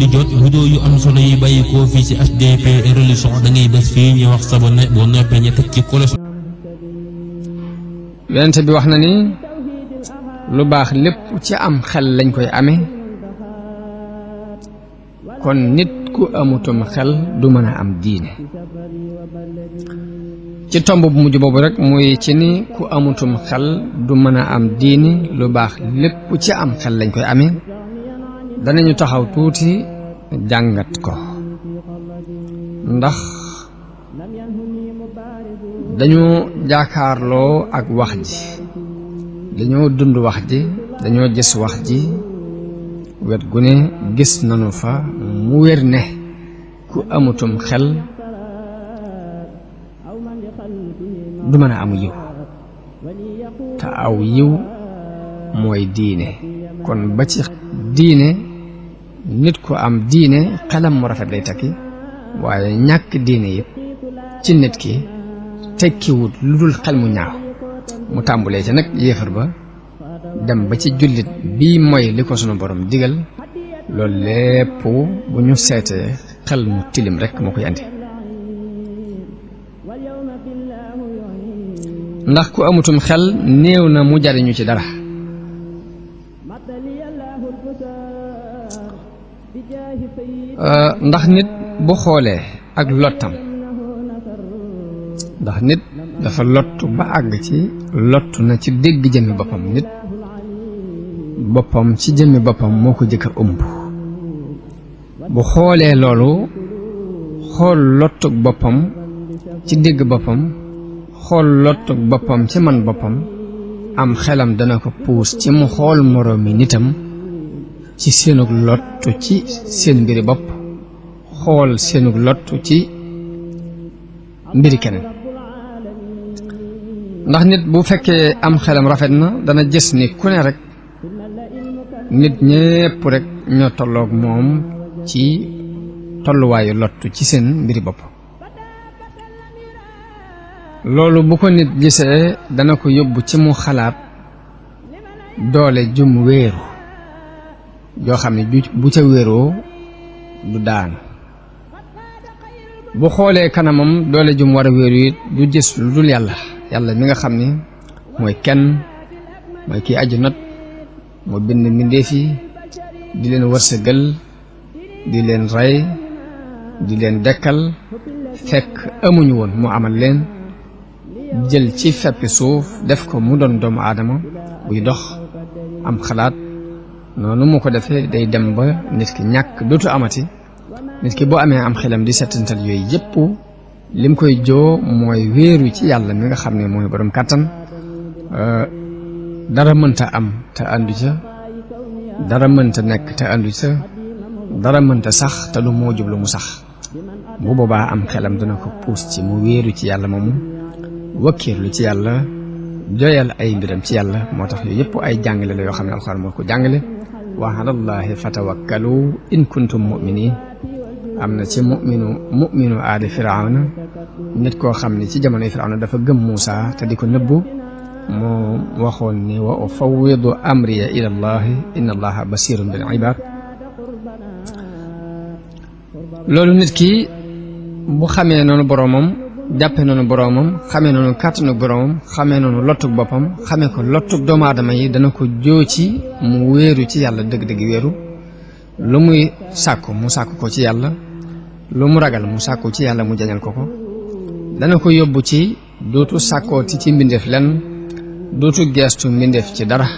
di yu am solo yi bàyyi koo fii ci HDP religion da ngay bés fii ñu wax sabone boo noppee ci kolos yonent bi wax na ni lu baax lépp ci am xel lañ koy amee kon nit ku amutum xel du mën a am diine ci tomb bu mujj boobu rek muy ci ni ku amutum xel du mën a am diine lu baax lépp ci am xel lañ koy amee danañu taxaw tuuti jàngat ko ndax dañoo jaakaarloo ak wax ji dañoo dund wax ji dañoo gis wax ji wet gu ne gis nanu fa mu wér ne ku amatum xel du mën a amu yiw te aw yiw mooy diine kon ba ci diine nit ku am diine xelam mu rafet lay takki waaye ñàkk diine yëpp ci nit ki tekkiwut lu dul xel mu ñaaw mu tàmbulee ci nag yéefar ba dem ba ci jullit bii moy li ko sunu borom digal loolu lépp bu ñu seetee xel mu tilim rek moo koy andi ndax ku amutum xel néew na mu jariñu ci dara Euh, ndax nit bu xoolee ak lottam ndax nit dafa lottu ba àgg ci lottu na ci dégg jëmmi boppam nit boppam ci jëmmi boppam moo ko jëkk a ëmb bu xoolee loolu xool lottug boppam ci dégg boppam xool lottug boppam ci man boppam am xelam dana ko puus ci mu xool yi nitam ci seenug lottu ci seen mbiri bopp xool seenug lottu ci mbiri ndax nit bu fekkee am xelam rafet na dana gis ni ku ne rek nit ñépp rek ñoo tolloog moom ci tolluwaayu lottu ci seen mbiri bopp loolu bu ko nit gisee dana ko yóbbu ci mu xalaat doole jum wéeru joo xam ne bu ca wéroo du daan bu xoolee kanamam doole jum war a wéeru it du jës lu dul yàlla yàlla mi nga xam ne mooy kenn mooy kii aju not moo bind mbindeef yi di leen wërsëgal di leen rey di leen dekkal fekk amuñu woon mu amal leen jël ci feppi suuf def ko mu doon doomu aadama buy dox am xalaat nonu mu ko defé day dem ba nit ki ñak dutu amati nit ki bo amé am xélam di sétantal yoy yépp lim koy joo moy wéru ci yalla mi nga xamné moy borom katan euh dara mënta am ta andu ca dara mënta nek ta andu ca dara mënta sax ta lu moo jublu mu sax bu boba am xélam dana ko pousse ci mu wéru ci mom wakir lu ci yalla joyal ay mbiram ci yalla motax tax yooyu ay jàngale la yo xam ne moko moo wa alallaahi fatawakkalu in kuntum muminin am na ci muminu muminu firawna nit koo xam ne ci jamonoy firawna dafa gëm Muusa te di ko nëbbu moo waxoon ni wa ufawidu amriya ila llahi inna allaha basirun bil ibad loolu nit bu xamee noonu boromam jàppe noonu boromam xamee noonu kàttanu boroomam xamee noonu lottug boppam xamee ko lottug doomu aadama yi dana ko joo ci mu wéeru ci yàlla dëgg-dëgg wéeru lu muy sàkku mu sàkku ko ci yàlla lu mu ragal mu sàkku ci yàlla mu jañal ko ko dana ko yóbbu ci dootu sàkkooti ci mbindeef lenn dootu geestu mbindeef ci dara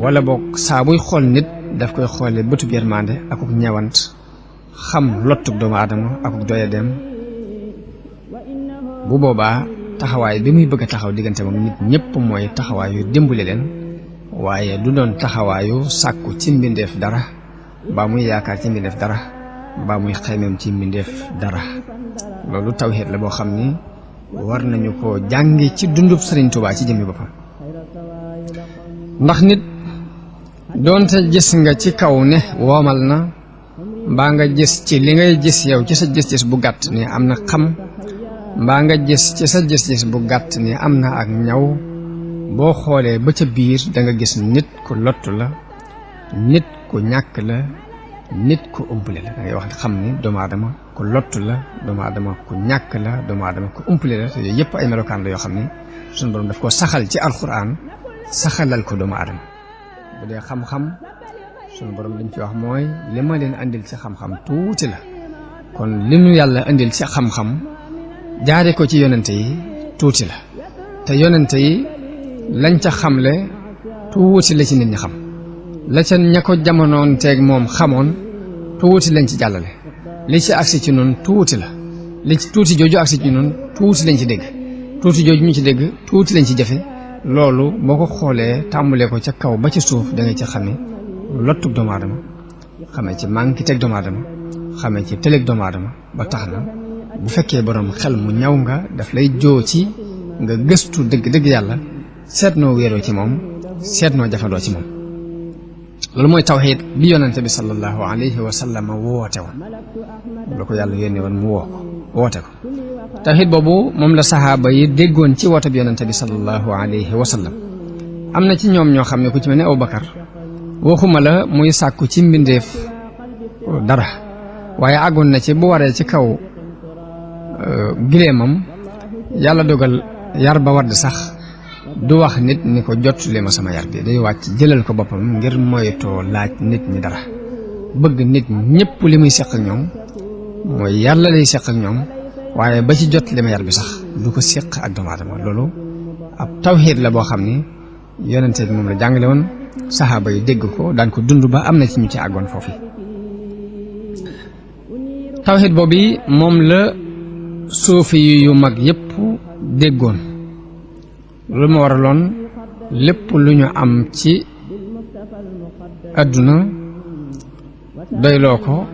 walla boog saa xool nit daf koy xoole bëtub yërmande akuk ñewant xam lottug doomu aadama akuk doya dem bu boobaa taxawaay bi muy bëgg a taxaw diggante moom nit ñëpp mooy taxawaayu dimbali leen waaye du doon taxawaayu sàkku ci mbindeef dara ba muy yaakaar ci mbindeef dara ba muy xaymeem ci mbindeef dara loolu taw tawxiid la boo xam ni war nañu ko jàngi ci dundub Sëriñ Tuubaa ci jëmmi boppam ndax nit doonte gis nga ci kaw ne woomal na mbaa nga gis ci li ngay gis yow ci sa gis-gis bu gàtt ne am na xam mbaa nga jis ci sa gis-gis bu gàtt ni am na ak ñaw boo xoolee ba ca biir danga gis nit ku lottu la nit ku ñàkk la nit ku umpale la da wax xam ni doomu aadama ku lottu la doomu aadama ku ñàkk la doomu aadama ku umpale la te yooyu yëpp ay melokaan la yoo xam ni suñu borom daf ko saxal ci alxuraan saxalal ko doomu aadama bu dee xam-xam sunu borom liñ ci wax mooy li ma leen andil ci xam-xam tuuti la kon li nu yàlla andil ci xam-xam jaare ko ci yonente yi tuuti la te yonente yi lañ ca xamle tuuti la ci nit ñi xam la ca ña ko jamonoon teeg moom xamoon tuuti lañ ci jàllale li ci agsi ci noonu tuuti la li ci tuuti jooju agsi ci noonu tuuti lañ ci dégg tuuti jooju ñu ci dégg tuuti lañ ci jafe loolu boo ko xoolee tàmbalee ko ca kaw ba ci suuf da nga ci xame lottug doomu aadama xame ci manque teg doomu aadama xame ci tëleg doomu aadama ba tax na bu fekkee borom xel mu ñaw nga daf lay joo ci nga gëstu dëgg-dëgg yàlla seet seetnoo wéeroo ci moom seet noo jafandoo ci moom loolu mooy tawxiid bi yonente bi sallallahu alayhi wa sallam woote woon la ko yàlla yónnee woon mu woo ko woote ko tawxiid boobu moom la saxaaba yi déggoon ci woote bi yonente bi sallallahu alayhi wa sallam am na ci ñoom ñoo xam ne ku ci mel ne Abubakar waxuma la muy sàkku ci mbindeef dara waaye àggoon na ci bu waree ci kaw Euh, moom yàlla dogal yar ba wadd sax du wax nit ni ko jot li ma sama yar bi day wàcc jëlal ko boppam ngir moytoo laaj nit ñi dara bëgg nit ñëpp li muy seq ak ñoom mooy yàlla lay seq ak ñoom waaye ba ci jot li ma yar bi sax du ko seq ak doomu loolu ab tawxiid la boo xam ni yonente bi moom la jàngale woon saxaaba yi dégg ko daan ko dund ba am na ci ñu ci àggoon foofu tawxiid boobu moom la suufi yu mag yépp déggoon lu ma waraloon lépp lu ñu am ci àdduna doyloo ko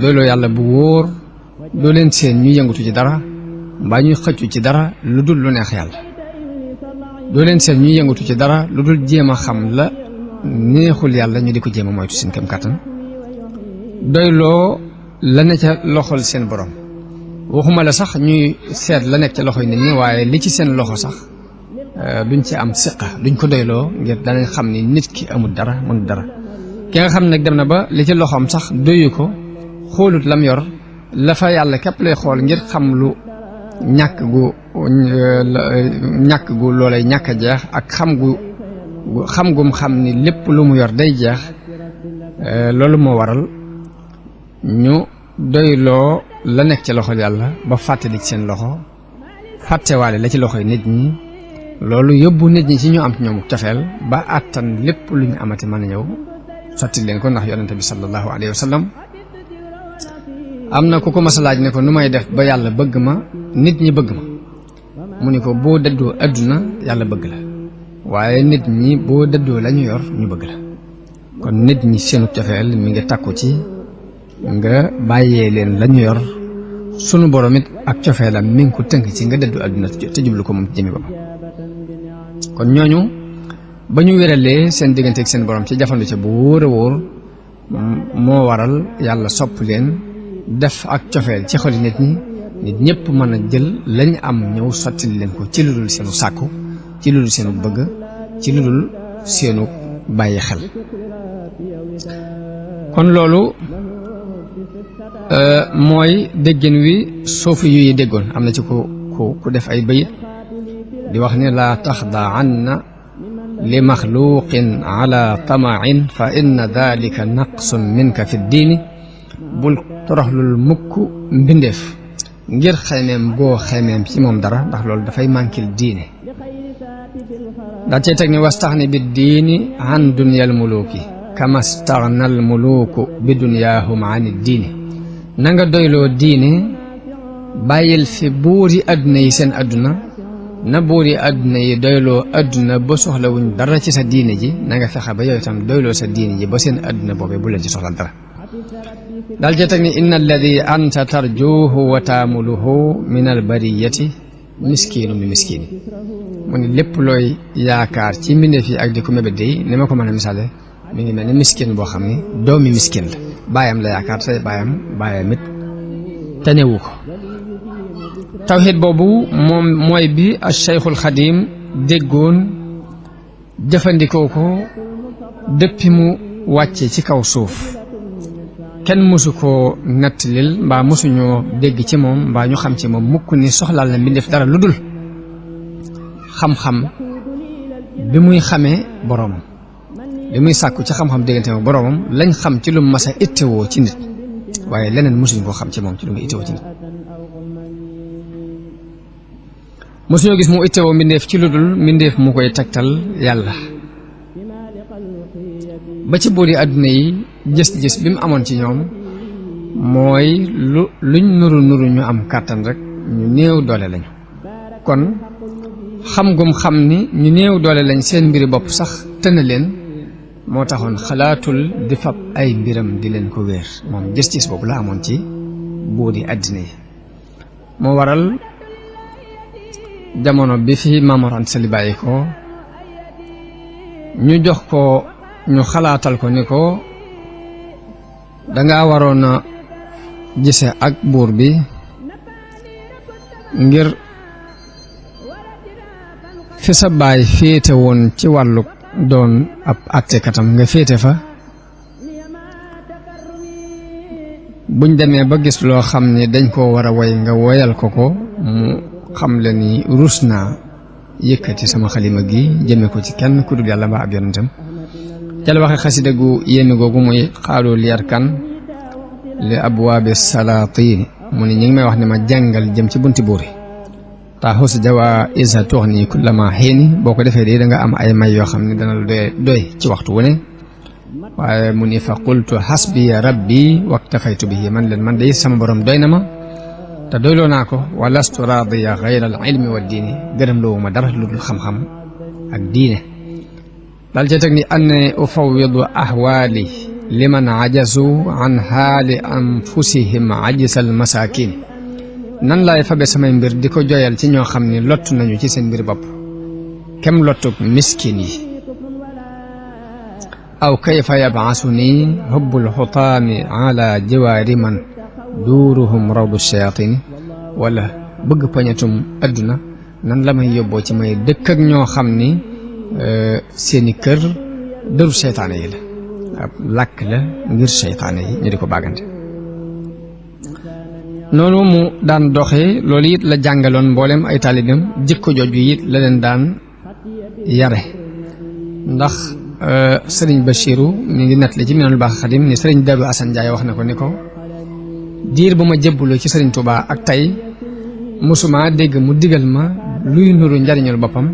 doyloo yàlla bu wóor doo leen seen ñuy yëngatu ci dara mbaa ñuy xëccu ci dara lu dul lu neex yàlla doo leen seen ñuy yëngatu ci dara lu dul jéem a xam la neexul yàlla ñu di ko jéem a moytu seen kem kàttan doyloo la ne ca loxol seen borom waxuma la sax ñuy seet la nekk ci loxo yi nit ñi waaye li ci seen loxo sax euh, duñ ci am siqa duñ ko doyloo ngir danañ xam ni nit ki amul dara mun dara ki nga xam nag dem na ba li ci loxoom sax doyu ko xoolut lam yor la fa yàlla képp lay xool ngir xam lu ñàkk gu euh, ñàkk gu loolay ñàkk a jeex ak xam gu xam gum xam ni lépp lu mu yor day jeex euh, loolu moo waral ñu doyloo la nekk ci loxo yàlla ba fàtte di ci seen loxo fàttewaale la ci loxo yi nit ñi loolu yóbbu nit ñi ci ñu am ci ñoom cofeel ba àttan lépp lu ñu amati man a ñëw sotti leen ko ndax yonente bi sallallahu alayhi wa sallam am na ku ko mas a laaj ne ko nu may def ba yàlla bëgg ma nit ñi bëgg ma mu ni ko boo dëddoo adduna yàlla bëgg la waaye nit ñi boo dëddoo la ñu yor ñu bëgg la kon nit ñi seenu cofeel mi ngi takku ci nga baye len la yor sunu boromit ak tiofelam mi ko teunk ci nga dëddu àdduna te jublu ko mum ci jëmi boppam kon ñooñu bañu ñu digënté ak seen borom ci jafandu ci bu wóor wóor waral yalla sopp len def ak tiofel ci xoli nit ñi nit ñepp mëna jël lañ am ñew sottili len ko ci lulul seenu ci lulul bëgg ci lulul seenu xel kon loolu Euh, mooy déggin wi soofu yuy déggoon am na ci ko ku def ay bay di wax ni laa taxda'anna li maxluqin ala tamain fa inna dalika naqsun minka fi diini bul toroxlul mukk mbindeef ngir xemeem goo xemeem ci moom dara ndax loolu dafay mànkil diine daa cee teg ni wastaxni bi diini an dunyal muluuki kama staxna al muluuku bi dunyaahum an diini nanga doylo diine bayel fi buri adna yi sen aduna na buri adna yi aduna bo soxla wuñ dara ci sa diine ji nanga fexa ba yow tam doylo sa diine ji bo sen aduna bobé bu leen ci soxla dara dal je tagni inna anta tarjuhu wa taamuluhu min albariyati miskinu mi miskin mu lépp loy yaakar ci mbindeef yi ak di ko mebe yi nima ko man misale mi ngi melni miskin bo xamni domi miskin la baayam la yaakaar baayam baayam it te ko tawxid boobu moom mooy bi a Cheikhul Xadim déggoon jëfandikoo ko dëppi mu wàcce ci kaw suuf kenn mosu koo nattalil mbaa mësuñoo dégg ci moom mbaa ñu xam ci moom mukk ni soxlaal na mbindeef dara lu dul xam-xam bi muy xamee boroom li muy sàkku ci xam-xam diggante ak boroomam lañ xam ci lu mas a ci nit waaye leneen mosuñ koo xam ci moom ci lu muy ittewoo gis moo ittewoo mbindeef ci lu dul mbindeef mu koy tegtal yàlla ba ci boori àdduna yi gis-gis bi mu amoon ci ñoom mooy lu luñ nuru nuru ñu am kàttan rek ñu néew doole lañu kon xam gum xam ni ñu néew doole lañ seen mbiri bopp sax tëna leen moo taxoon xalaatul di fab ay mbiram di leen ko wéer moom justice boobu la amoon ci buuri àddina yi moo waral jamono bi fi maamorant sali bàyyi ko ñu jox ko ñu xalaatal ko ni ko danga waroon a gise ak buur bi ngir fi sa baay féete woon ci wàllu doon ab àttekatam nga féete fa buñ demee ba gis loo xam ne dañ koo war a woy nga woyal ko ko mu xam la ni rus naa yëkkati sama xalima gi jëme ko ci kenn ku dul yàlla ba ab yonentam ca la waxe xasida gu yéeme googu muy xaaloo liyar kan li abwaabi salaatini mu ni ñu ngi may wax ni ma jàngal jëm ci bunti buur yi taaxus jawa isa toox nii kullama xiini boo ko defee dee da nga am ay may yoo xam ne dana doy doy ci waxtu wu ne waaye mu ni fa qultu xasbiya rabbi waktafaytu bihi man leen man day sama borom doy na ma te doyloo naa ko walastu raadiya gayra al ilmi wa diini gërëm loowu ma dara lu dul xam-xam ak diine dal ca teg ni anni ufawidu ahwaali liman ajazu an haali anfusihim ajisal masaakin nan laay fabe samay mbir di ko joyal ci ñoo xam ne lott nañu ci seen mbir bopp kem lottuk miskin yi aw kayfa yabasu nii ni xutaami ala jiwaari man duuruhum rawdu wala bëgg pañatum adduna nan la may yóbboo ci may dëkk ak ñoo xam ni e, seeni kër dëru seytaane yi la làkk la ngir seytaane yi ñu di ko bàggante noonu mu daan doxee loolu it la jàngaloon mbooleem ay taalibam jikko jooju it la leen daan yare ndax euh, sëriñ Bachiru mu ngi nettali ci Minanul Baax Xadim ni sëriñ Dabu Asan wax na ko ni ko diir ba ma jébbaloo ci sëriñ Tuubaa ak tey mosuma dégg mu digal ma luy nuru njariñul boppam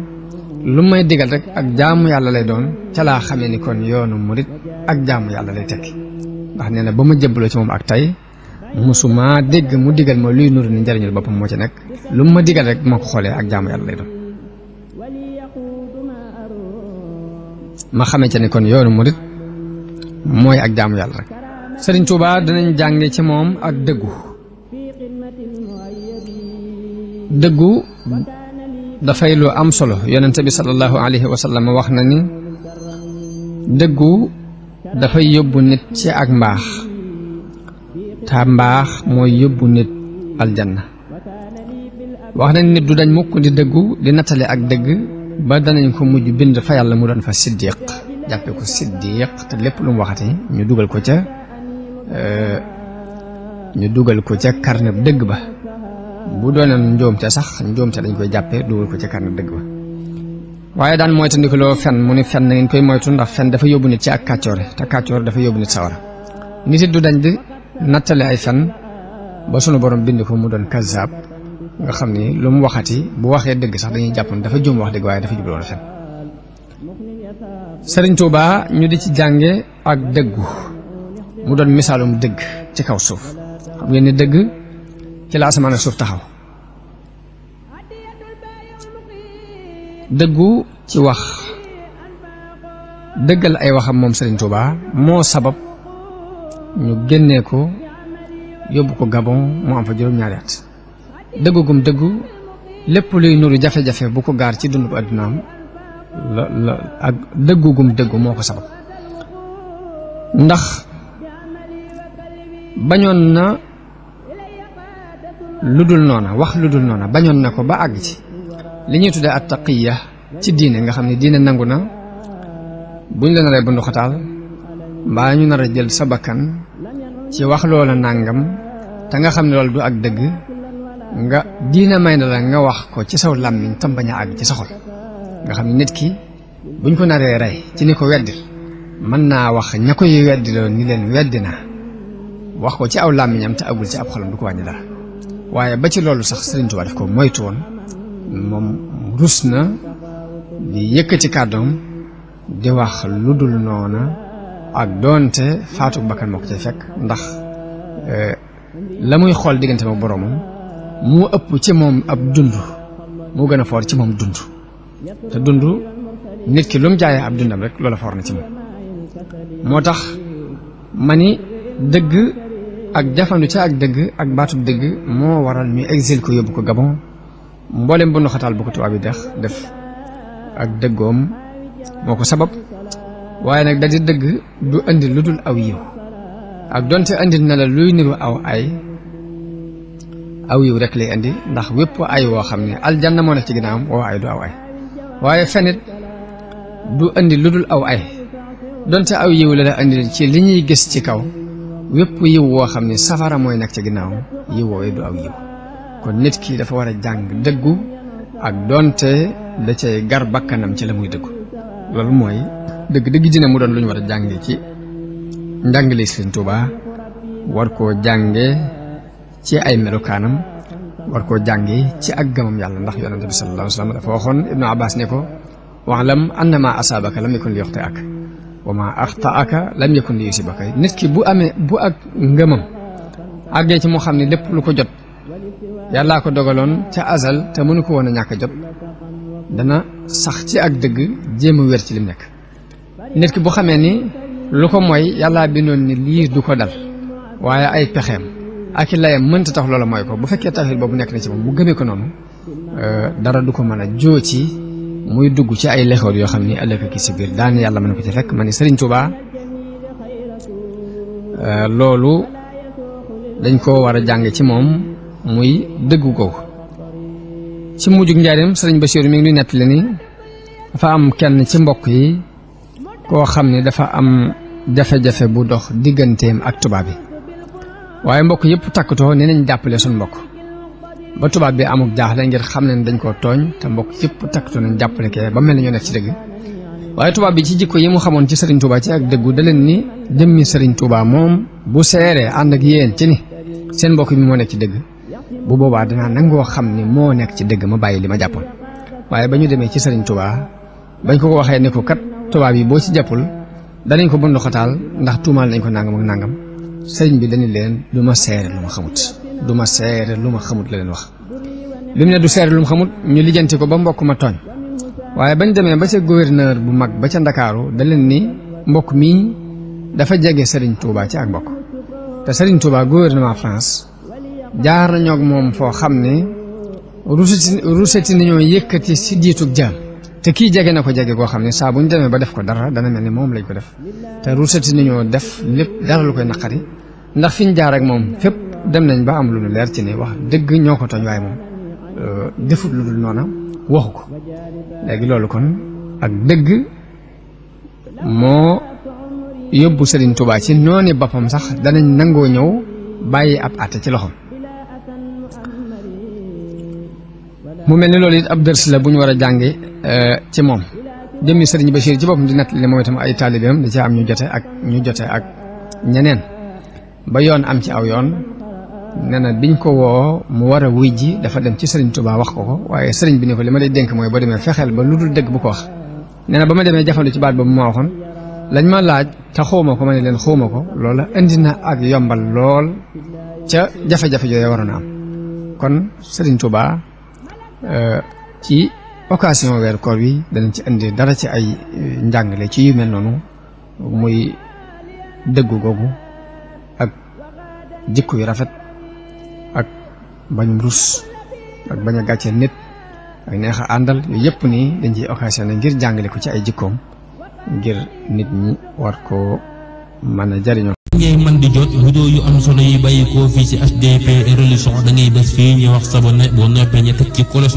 lu may digal rek ak jaamu yàlla lay doon ca laa xamee ni kon yoonu murit ak jaamu yàlla lay tekki ndax nee na ba ma jébbaloo ci moom ak tey musuma deg mu digal ma luy nuru ni jarignal bopam mo ci nak lu ma digal rek mako ko ak jaamu yalla lay do ma xamé ci ni kon yoonu murid moy ak jaamu yalla rek serigne touba dinañ jangé ci mom ak deggu da dafay lu am solo yonente bi sallallahu alayhi wa sallam wax na ni da dafay yobbu nit ci ak mbax te mbaax mooy yóbbu nit aljanna wax na nit du dañ mukk di dëggu di nattale ak dëgg ba danañu ko mujj bind fa yàlla mu doon fa siddiq jàppe ko siddiq te lépp lu mu waxati ñu dugal ko ca euh, ñu dugal ko ca karne dëgg ba bu doonoon njuumte sax njuumte dañ koy jàppe dugal ko ca karne dëgg ba waaye daan moytandikuloo fen mu ni fen na ngeen koy moytu ndax fen dafa yóbbu nit ci ak kàccoore te kàccoore dafa yóbbu nit sawara nit du dañ di natale ay fan ba sunu borom bind ko mu don kazzab nga xamni lu mu waxati bu waxe deug sax dañuy japp ne dafa juum wax deug waaye dafa jubloon fen serigne touba ñu di ci jange ak deug mu don misalum deug ci kaw suuf xam ngeen ni deug ci la asamaan suuf taxaw dëggu ci wax dëggal ay waxam mom serigne touba mo sabab ñu génnee ko yóbbu ko Gabon mu am fa juróom-ñaari at dëggugum dëggu lépp luy nuru jafe-jafe bu ko gaar ci dundu addunaam la la ak dëggugum dëggu moo ko sabab ndax bañoon na lu dul noona wax lu dul noona bañoon na ko ba àgg ci li ñuy tuddee at taqiya ci diine nga xam ne diine nangu na buñ la naree bundu xataal mbaa ñu nar a jël sa bakkan ci wax loola nàngam te nga xam ne loolu du ak dëgg nga diina may na la nga wax ko ci saw làmmiñ tam bañ a àgg ci sa xol nga xam ne nit ki buñ ko naree rey ci ni ko weddi mën naa wax ña koy weddi loolu ni leen weddi na wax ko ci aw làmmiñam te agul ci ab xolam du ko wàññi dara waaye ba ci loolu sax Sëriñ Tuubaa ko moytu woon moom rus na di yëkkati kàddoom di wax lu dul noona ak doonte faatu bakkan moo ko cay fekk ndax euh, la muy xool diggante ma boromam mu ëpp ci moom ab dund mu gën a foor ci moom dund te dund nit ki lu mu jaayee ab dundam rek loola foor na ci moom moo tax mani dëgg ak jafandu ca ak dëgg ak baatub dëgg moo waral ñu exil ko yóbbu ko Gabon mboolem bu nu xataal bu ko tubaab yi dex def ak dëggoom moo ko sabab waaye nag da di dëgg du indi lu dul aw yiw ak donte indi na la luy niru aw ay aw yiw rek lay indi ndax wépp ay woo xam ne aljanna moo ci ginnaawam woo ay du aw ay waaye fenit du indi lu dul aw ay donte aw yiw la la indi ci li ñuy gis ci kaw wépp yiw woo xam ni safara mooy nekk ci ginnaaw yiw woowee du aw yiw kon nit kii dafa war a jàng dëggu ak donte da cay gar bakkanam ci la muy dëggu loolu mooy dëgg dëgg dina mu doon lu ñu war a jànge ci njàngale Sëriñ Tuuba war koo jànge ci ay melokaanam war koo jànge ci ak gamam yàlla ndax yonente bi sallallahu alayhi wa dafa waxoon Ibnu Abbas ne ko waxlam annama asaabaka lam yakun li yoxte ak wa ma axtaaka nit ki bu amee bu ak ngëmam àggee ci moo xam ne lépp lu ko jot yàllaa ko dogaloon ca asal te mënu ko woon a ñàkk jot dana sax ci ak dëgg jéem a wér ci lim nekk nit ki bu xamee ni lu ko mooy yàllaa bindoon ni lii du ko dal waaye ay pexeem ak i layam mënta tax loola mooy ko bu fekkee tawxiid boobu nekk na ci moom bu gëmee ko noonu euh, dara du ko mën a joo ci muy dugg ci ay lexoor yoo xam ni ëllëg ki si biir yàlla mën ko ci fekk ma ni Sëriñ Tuubaa euh, loolu dañ ko war a jàng ci moom muy dëggu googu ci mujjug njaareem Sëriñ Basiiru mi ngi nuy nettali ni dafa am kenn ci mbokk yi koo xam ne dafa am jafejafe bu dox digganteem ak tubaab bi waaye mbokk yëpp takkatoo ne nañ jàppale suñu mbokk ba tubaab bi amuk jaaxle ngir xam ne dañ koo tooñ te mbokk yëpp takkatoo nañ jàppale kee ba mel ne ñoo nekk ci dëgg waaye tubaab bi ci jikko yi mu xamoon ci Serigne Touba ci ak déggu da ni jëmmi sëriñ Touba moom bu seeree ànd ak yéen ci ni seen mbokk mi moo nekk ci dégg bu boobaa danaa nangoo xam ni moo nekk ci dégg ma bàyyi li ma jàppoon waaye ba demee ci Serigne Touba bañ ko tubaab yi boo ci jàppul danañ ko bund xotaal ndax tuumaal nañ ko nangam ak nangam sëriñ bi dañu leen du ma seere lu ma xamut du ma seere lu ma xamut la leen wax bi mu ne du seere lu ma xamut ñu lijjanti ko ba mbokk ma tooñ waaye bañ demee ba ca gouverneur bu mag ba ca ndakaaru da leen ni mbokk mii dafa jege sëriñ tuubaa ci ak mbokk te sëriñ Touba gouvernement France jaar nañoo moom foo xam ne ruseti ruseti nañoo yëkkati si diitug jaam te kii jege na ko jege goo xam ne saa bu ñu demee ba def ko dara dana mel ni moom lañ ko def te ruusati nañoo def lépp dara lu koy naqari ndax fi ñu jaar rek moom fépp dem nañ ba am lu leer ci ne wax dëgg ñoo ko tooñ waaye moom euh, defut lu dul noona waxu ko léegi loolu kon ak dëgg moo yóbbu Serigne Touba ci noonu boppam sax danañ nangoo ñëw bàyyi ab àtte ci loxoom. mu mel ni loolu it ab dërs la bu ñu war a jànge euh, ci moom jëmmi sëriñ ba Bachir ci boppam di nettali moom itam ay taalibeem da ci am ñu jote ak ñu jote ak ñeneen ba yoon am ci aw yoon nee na biñ ko woo mu war a wuy ji dafa dem ci sëriñ Touba wax ko ko waaye sëriñ bi ne ko li ma lay dénk mooy boo demee fexeel ba lu dul dégg bu ko wax nee na ba ma demee jafandi ci baat boobu ma waxoon lañ ma laaj te xawma ko ma ne leen xawma ko loola indi na ak yombal lool ca jafe-jafe yooyu waroon am kon ci occasion weer koor bi danañ ci indi dara ci ay eh, njàngale ci yu mel noonu muy dëggu googu ak jikko yu rafet ak bañum rus ak bañ a gàccee nit ak neex a àndal yooyu yëpp nii dañ ciy occasion ngir jàngale ko ci ay jikkoom ngir nit ñi war ko mën a jariñoo ngay man di jot vidéo yu am solo yi bàyyi koo fii ci HDP religion da bés fii ñu wax sabone boo noppee ñu ci kolos